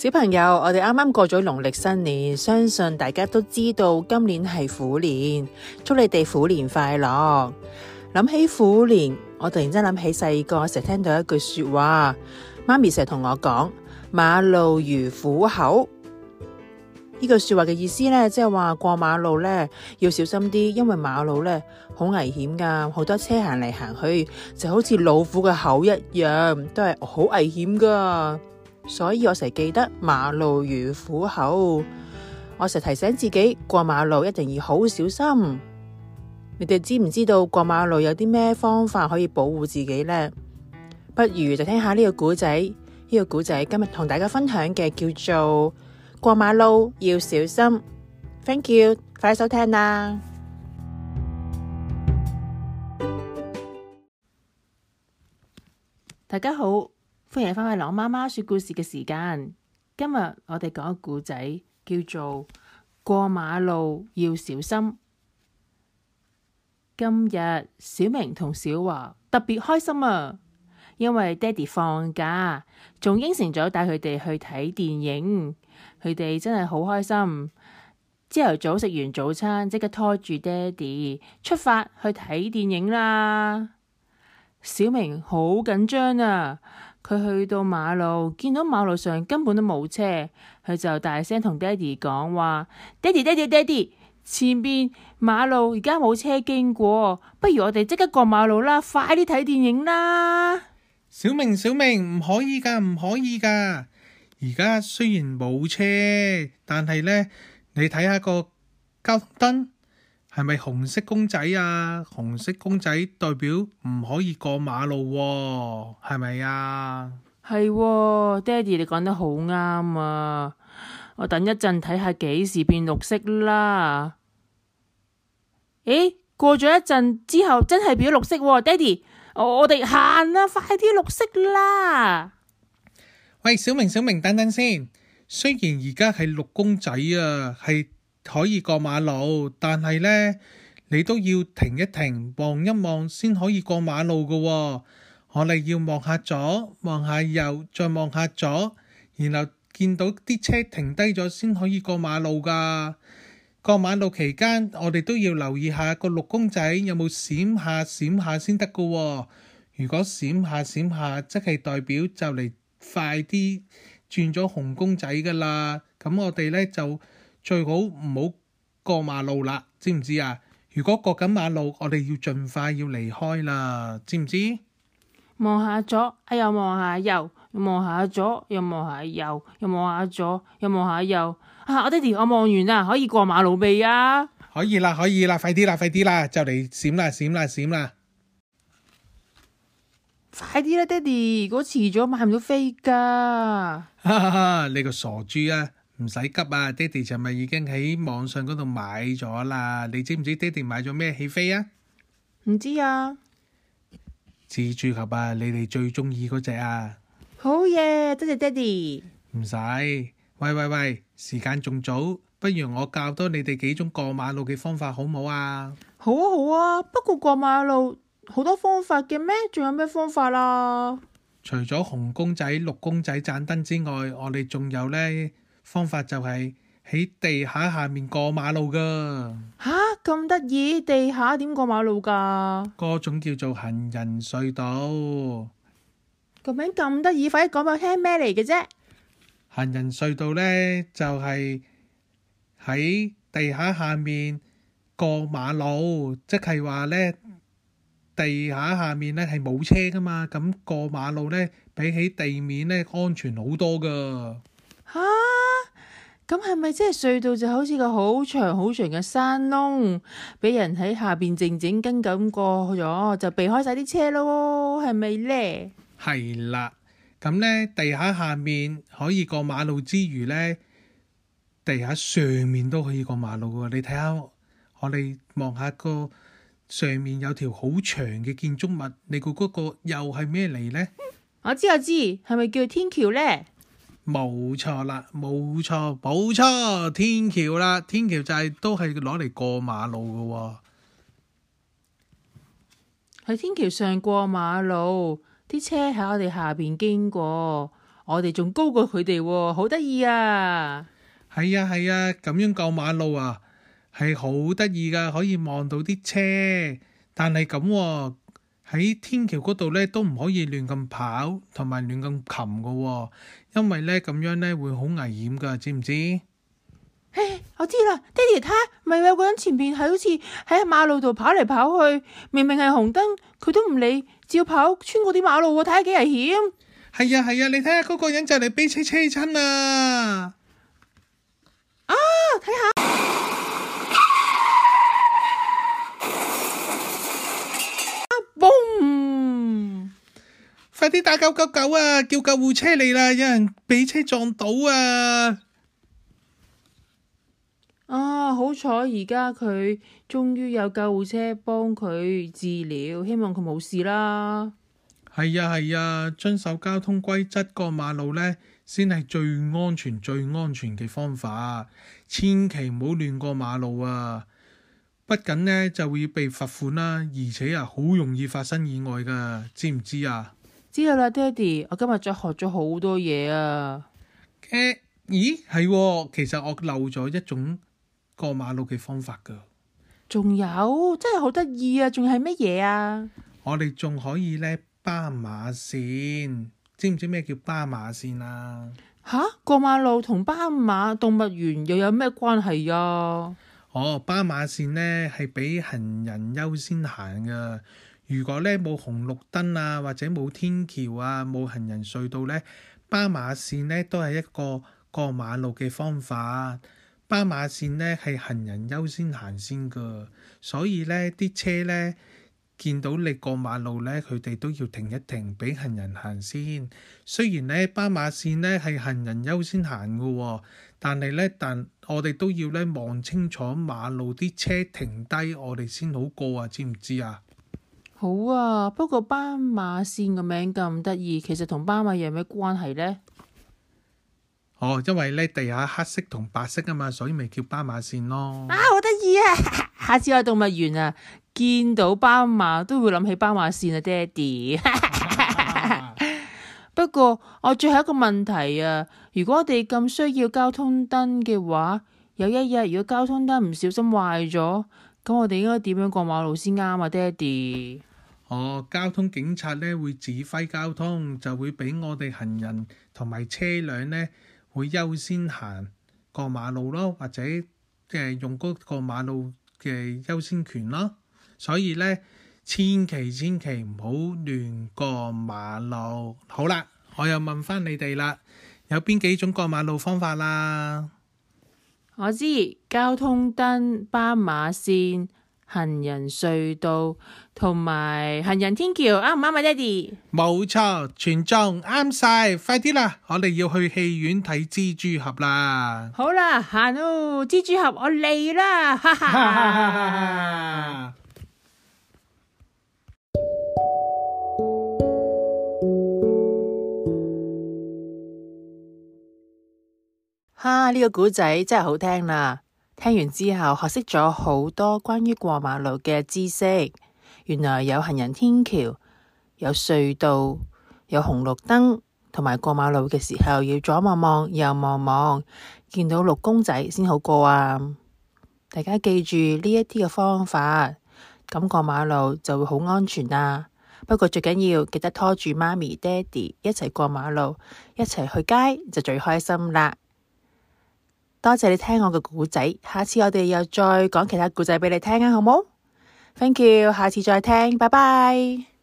小朋友，我哋啱啱過咗農曆新年，相信大家都知道今年係虎年，祝你哋虎年快樂。諗起虎年，我突然間諗起細個成日聽到一句說話，媽咪成日同我講：馬路如虎口。呢句說話嘅意思呢，即係話過馬路呢要小心啲，因為馬路呢好危險㗎，好多車行嚟行去，就好似老虎嘅口一樣，都係好危險㗎。所以我成日記得馬路如虎口，我成日提醒自己過馬路一定要好小心。你哋知唔知道過馬路有啲咩方法可以保護自己呢？不如就聽下呢個故仔，呢、呢個故仔今日同大家分享嘅，叫做過馬路要小心。Thank you，快啲收聽啦！大家好。歡迎返去「朗媽媽」說故事嘅時間。今日我哋講個故仔叫做過馬路要小心。今日小明同小華特別開心啊，因為爹哋放假，仲應承咗帶佢哋去睇電影。佢哋真係好開心。朝頭早食完早餐，即刻拖住爹哋出發去睇電影啦。小明好緊張啊！佢去到馬路，見到馬路上根本都冇車，佢就大聲同爹哋講話：爹哋爹哋爹哋，前邊馬路而家冇車經過，不如我哋即刻過馬路啦，快啲睇電影啦！小明小明唔可以㗎，唔可以㗎！而家雖然冇車，但係呢，你睇下個交通燈。係咪紅色公仔啊？紅色公仔代表唔可以過馬路，係咪啊？係喎，爹哋你講得好啱啊！我等一陣睇下幾時變綠色啦。咦，過咗一陣之後真係變綠色喎，爹哋，我我哋行啦，快啲綠色啦！喂，小明，小明，等等先。雖然而家係綠公仔啊，係。可以過馬路，但係呢，你都要停一停，望一望，先可以過馬路噶喎。我哋要望下左，望下右，再望下左，然後見到啲車停低咗，先可以過馬路噶。過馬路期間，我哋都要留意下個綠公仔有冇閃下閃下先得噶。如果閃下閃下，即係代表就嚟快啲轉咗紅公仔噶啦。咁我哋呢就，最好唔好過馬路啦，知唔知啊？如果過緊馬路，我哋要盡快要離開啦，知唔知？望下左，哎又望下右，望下左，又望下右，又望下左，又望下右。啊，我、啊、爹哋，我望完啦，可以過馬路未啊？可以啦，可以啦，快啲啦，快啲啦，就嚟閃啦，閃啦，閃啦！快啲啦，爹哋，如果遲咗買唔到飛㗎。哈哈哈，你個傻豬啊！唔使急啊！爹哋尋日已經喺網上嗰度買咗啦。你知唔知爹哋買咗咩戲飛啊？唔知啊。蜘蛛俠啊！你哋最中意嗰隻啊！好嘢，多謝，謝爹哋。唔使。喂喂喂，時間仲早，不如我教多你哋幾種過馬路嘅方法，好唔好啊？好啊好啊，不過過馬路好多方法嘅咩？仲有咩方法啦、啊？除咗紅公仔、綠公仔、盞燈之外，我哋仲有呢。方法就係喺地下下面過馬路噶吓。咁得意，地下點過馬路噶？嗰種叫做行人隧道。個名咁得意，快啲講俾我聽咩嚟嘅啫？行人隧道咧就係、是、喺地下下面過馬路，即係話咧地下下面咧係冇車噶嘛，咁過馬路咧比起地面咧安全好多噶吓。咁係咪即係隧道就好似個好長好長嘅山窿，俾人喺下邊靜靜跟咁過咗，就避開晒啲車咯？係咪咧？係啦，咁咧地下下面可以過馬路之餘咧，地下上面都可以過馬路噶。你睇下，我哋望下個上面有條好長嘅建築物，你估嗰個又係咩嚟咧？我知我知，係咪叫天橋咧？冇錯啦，冇錯，冇錯，天橋啦，天橋就係都係攞嚟過馬路㗎喎。喺天橋上過馬路，啲車喺我哋下邊經過，我哋仲高過佢哋，好得意啊！係啊，係啊，咁樣過馬路啊，係好得意㗎，可以望到啲車。但係咁喎。喺天橋嗰度咧都唔可以亂咁跑同埋亂咁擒噶，因為咧咁樣咧會好危險噶，知唔知？嘿嘿，我知啦，爹哋，睇下咪有個人前邊係好似喺馬路度跑嚟跑去，明明係紅燈，佢都唔理，照跑穿過啲馬路，睇下幾危險。係啊係啊，你睇下嗰個人就嚟俾車車親啊！啊，睇下。快啲打九九九啊！叫救護車嚟啦！有人俾車撞到啊！啊，好彩而家佢終於有救護車幫佢治療，希望佢冇事啦。係啊係啊，遵守交通規則過馬路呢，先係最安全、最安全嘅方法。千祈唔好亂過馬路啊！不僅呢，就會被罰款啦、啊，而且啊，好容易發生意外噶，知唔知啊？知啦，爹哋，我今日再學咗好多嘢啊！誒、欸，咦，係，其實我漏咗一種過馬路嘅方法噶。仲有，真係好得意啊！仲係乜嘢啊？我哋仲可以咧斑馬線，知唔知咩叫斑馬線啊？吓、啊，過馬路同斑馬動物園又有咩關係啊？哦，斑馬線咧係俾行人優先行噶。如果咧冇紅綠燈啊，或者冇天橋啊，冇行人隧道咧，斑馬線咧都係一個過馬路嘅方法。斑馬線咧係行人優先行先噶，所以咧啲車咧見到你過馬路咧，佢哋都要停一停，俾行人行先。雖然咧斑馬線咧係行人優先行噶喎，但係咧，但我哋都要咧望清楚馬路啲車停低，我哋先好過啊！知唔知啊？好啊，不過斑馬線個名咁得意，其實同斑馬有咩關係呢？哦，因為呢地下黑色同白色啊嘛，所以咪叫斑馬線咯。啊，好得意啊！ 下次我喺動物園啊，見到斑馬都會諗起斑馬線啊，爹哋。 不過我最後一個問題啊，如果我哋咁需要交通燈嘅話，有一日如果交通燈唔小心壞咗，咁我哋應該點樣過馬路先啱啊，爹哋？哦，交通警察咧會指揮交通，就會俾我哋行人同埋車輛咧會優先行過馬路咯，或者即係、呃、用嗰個馬路嘅優先權咯。所以咧，千祈千祈唔好亂過馬路。好啦，我又問翻你哋啦，有邊幾種過馬路方法啦？我知，交通燈、斑馬線。行人隧道同埋行人天橋啱唔啱啊，爹哋？冇錯，全中啱晒，快啲啦！我哋要去戲院睇《蜘蛛俠》啦！好啦，行囉，《蜘蛛俠》我嚟啦，哈哈！哈呢、這個故仔真係好聽啦～聽完之後，學識咗好多關於過馬路嘅知識。原來有行人天橋，有隧道，有紅綠燈，同埋過馬路嘅時候要左望望，右望望，見到綠公仔先好過啊！大家記住呢一啲嘅方法，咁過馬路就會好安全啦，啊。不過最緊要記得拖住媽咪、爹哋一齊過馬路，一齊去街就最開心啦。多謝你聽我嘅故仔，下次我哋又再講其他故仔畀你聽啊，好冇？Thank you，下次再聽，拜拜。